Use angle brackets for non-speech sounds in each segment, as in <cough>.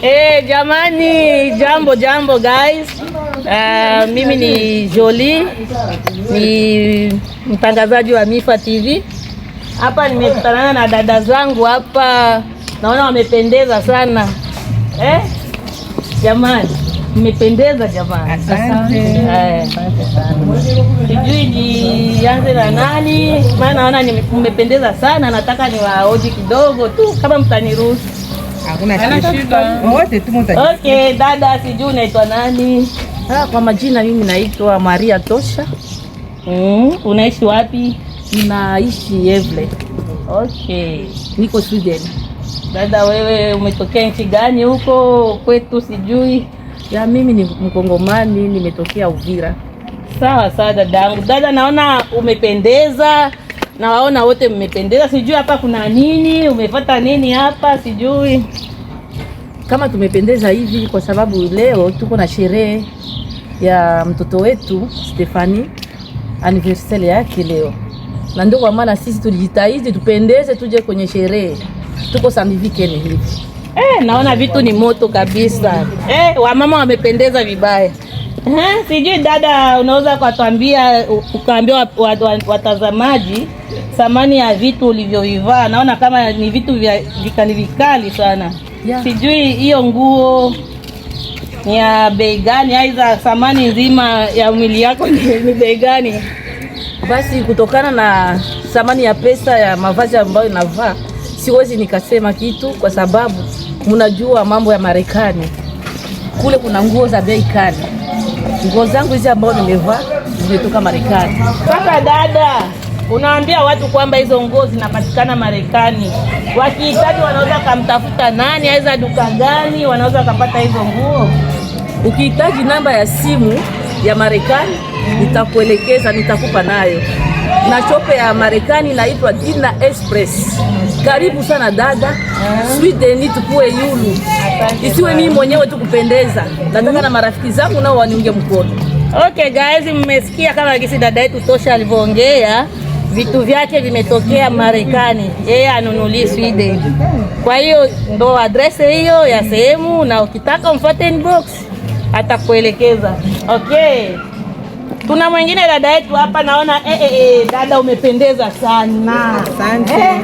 Hey, eh, jamani, jambo jambo guys. Uh, mimi ni Jolie ni mtangazaji wa Mifa TV hapa. Nimekutanana na dada zangu hapa, naona wamependeza sana eh, jamani Mmependeza jamani, asante. Sijui nianze na nani, maana naona mmependeza sana. Nataka niwaoji kidogo tu, kama mtaniruhusu. Hakuna shida, wote tu Okay, dada, sijui unaitwa nani? Ha, ah, kwa majina mimi naitwa Maria Tosha. Mm, unaishi wapi? Ninaishi Evle. Okay, niko Sweden. Dada, wewe umetokea nchi gani? Huko kwetu sijui ya mimi ni Mkongomani, nimetokea Uvira. Sawa sawa dadangu. Dada, naona umependeza na waona wote mmependeza, sijui hapa kuna nini, umefata nini hapa sijui kama tumependeza hivi kwa sababu leo tuko na sherehe ya mtoto wetu Stefani, anniversaire yake leo, na ndio kwa maana sisi tulijitahidi tupendeze, tuje kwenye sherehe, tuko sambivikene hivi Eh, naona vitu ni moto kabisa. Eh, wamama wamependeza vibaya. Eh, sijui dada, unaweza kutuambia ukaambia watazamaji thamani ya vitu ulivyovivaa? Naona kama ni vitu vya vikali vikali sana yeah. Sijui hiyo nguo ni ya bei gani, aidha thamani nzima ya mwili yako ni bei gani? Basi kutokana na thamani ya pesa ya mavazi ambayo inavaa siwezi nikasema kitu kwa sababu mnajua mambo ya Marekani kule kuna nguo za bei kali. Nguo zangu hizi ambao nimevaa zimetoka Marekani. Kaka dada, unaambia watu kwamba hizo nguo zinapatikana Marekani, wakihitaji wanaweza kumtafuta nani, aweza duka gani, wanaweza wakapata hizo nguo. Ukihitaji namba ya simu ya Marekani nitakuelekeza, nitakupa nayo na chope ya Marekani inaitwa Dina Express. Karibu sana dada Sweet Deni, tukue yulu, isiwe mimi mwenyewe tukupendeza. Nataka na marafiki zangu nao waniunge mkono. Okay guys, mmesikia kama gisi dada yetu Tosha alivyoongea vitu vyake vimetokea Marekani, yeye anunuli Sweden. Kwa hiyo ndo adrese hiyo ya sehemu, na ukitaka umfuate inbox atakuelekeza. Okay. Tuna mwingine dada yetu hapa naona eh, eh, eh, dada umependeza sana. Eh, asante.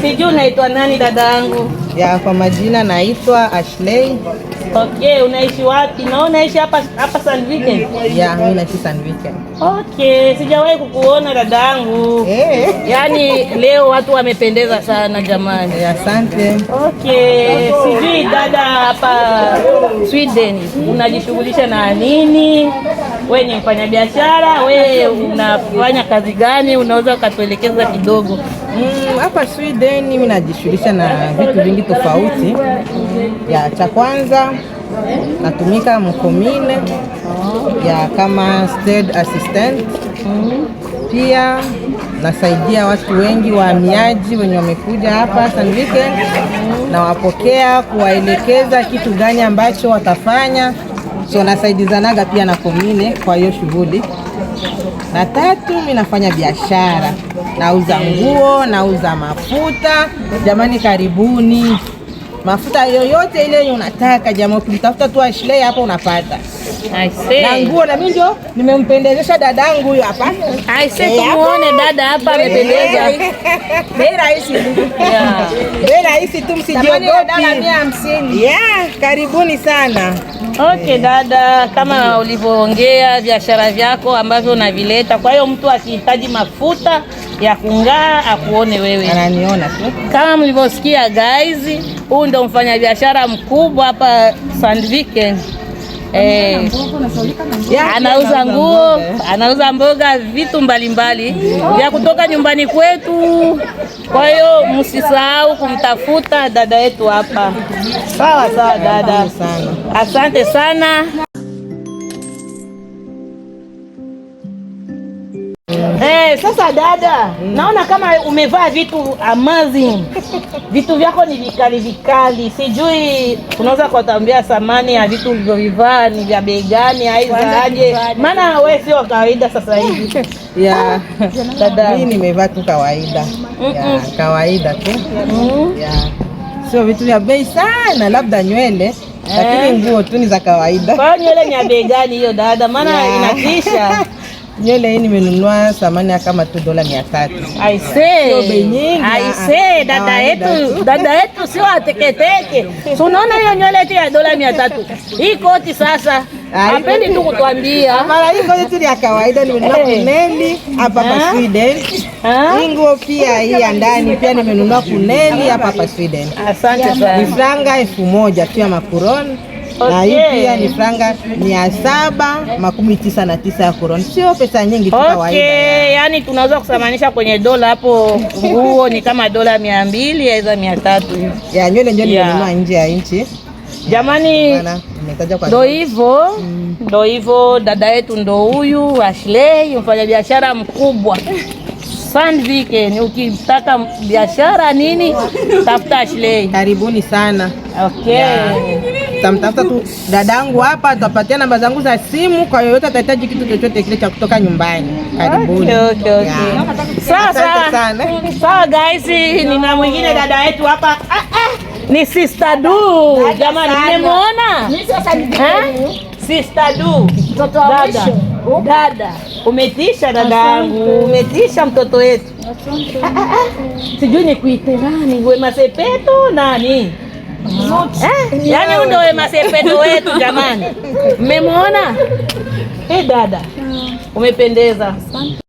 sijui unaitwa nani dada yangu? Ya, kwa majina naitwa Ashley. Okay, unaishi wapi? Naona unaishi hapa hapa San Weekend. Ya, mimi naishi San Weekend. Okay, sijawahi kukuona dada yangu. Eh. Yaani leo watu wamependeza sana jamani. Asante. Okay, sijui dada hapa Sweden unajishughulisha na nini? wewe ni mfanyabiashara, wewe unafanya kazi gani? Unaweza ukatuelekeza kidogo? Mm, hapa mm, Sweden mimi najishughulisha na vitu vingi tofauti. Ya cha kwanza natumika mkomine ya kama state assistant Pia nasaidia watu wengi wahamiaji wenye wamekuja hapa San nawapokea kuwaelekeza kitu gani ambacho watafanya so nasaidizanaga pia na komine kwa hiyo shughuli. Na tatu, mimi nafanya biashara, nauza nguo, nauza mafuta. Jamani, karibuni mafuta yoyote ile unataka, jamaa ukimtafuta tu Ashley hapa unapata. I see. Na nguo na mimi ndio nimempendezesha dadangu huyo hapa. I see, tumuone dada hapa amependeza. Bei rahisi. Yeah. Bei rahisi tu msijiogope. Yeah, karibuni sana. Okay, dada, kama ulivyoongea biashara vyako ambavyo unavileta, kwa hiyo mtu akihitaji mafuta ya kung'aa akuone wewe. Ananiona tu. Kama mlivyosikia guys huu ndo mfanyabiashara mkubwa hapa Sandviken. Eh, anauza nguo, anauza mboga, vitu mbalimbali vya kutoka nyumbani kwetu. Kwa hiyo msisahau kumtafuta dada yetu hapa. Sawa sawa dada, asante sana. Eh, sasa dada, mm. Naona kama umevaa vitu amazing. Vitu vyako ni vikali vikali, sijui unaweza kuwatambia thamani ya vitu ulivyovivaa ni vya bei gani aizaje? Maana wewe sio kawaida sasa hivi. <laughs> Yeah. Dada, mimi nimevaa tu kawaida. Yeah, kawaida tu. Yeah. Sio vitu vya bei sana, labda nywele lakini eh. nguo tu ni za kawaida. Kwa nywele ni ya bei gani hiyo dada? Maana yeah. inatisha <laughs> nywele hii nimenunua thamani kama tu dola mia tatu. Ah, ah. dada yetu dada yetu sio ateketeke. <laughs> Unaona hiyo nywele yetu ya dola mia tatu hii koti sasa Apendi tu kutuambia. Mara hii koti tu ya kawaida nimenunua eh. kuneli hapa pa eh? Sweden. Eh? Nguo pia hii ya ndani pia nimenunua kuneli hapa pa Sweden. Asante sana. Ni franga elfu moja tu ya makuroni okay. Na hii pia ni franga mia saba makumi tisa na tisa ya koroni, sio pesa nyingi tu kawaida. Okay, yani tunaweza kusamanisha kwenye dola hapo, nguo ni kama dola mia mbili aiza mia tatu ya nywele nywele imenunua nje ya nchi jamani. Ndo hivyo mm. Ndo hivyo dada yetu ndo huyu Ashley, mfanyabiashara mkubwa Sandviken. Ukitaka biashara nini, tafuta Ashley. Karibuni sana okay. yeah tutamtafuta tu dadangu hapa, tutapatia namba zangu za simu kwa yoyote atahitaji kitu chochote kile cha kutoka nyumbani. Karibuni. Okay, okay. Sawa sana. Sawa guys, nina mwingine dada yetu hapa ah, ah. ni Sister Du. Jamani, nimemwona eh? Sister Du. Dada, dada umetisha, dada yangu umetisha, mtoto wetu ah, sijui ni kuite nani, Wema Sepetu nani eh? Yaani huyu ndio Wema Sepetu wetu <laughs> jamani, mmemwona. Eh, dada mm. umependeza. Asante.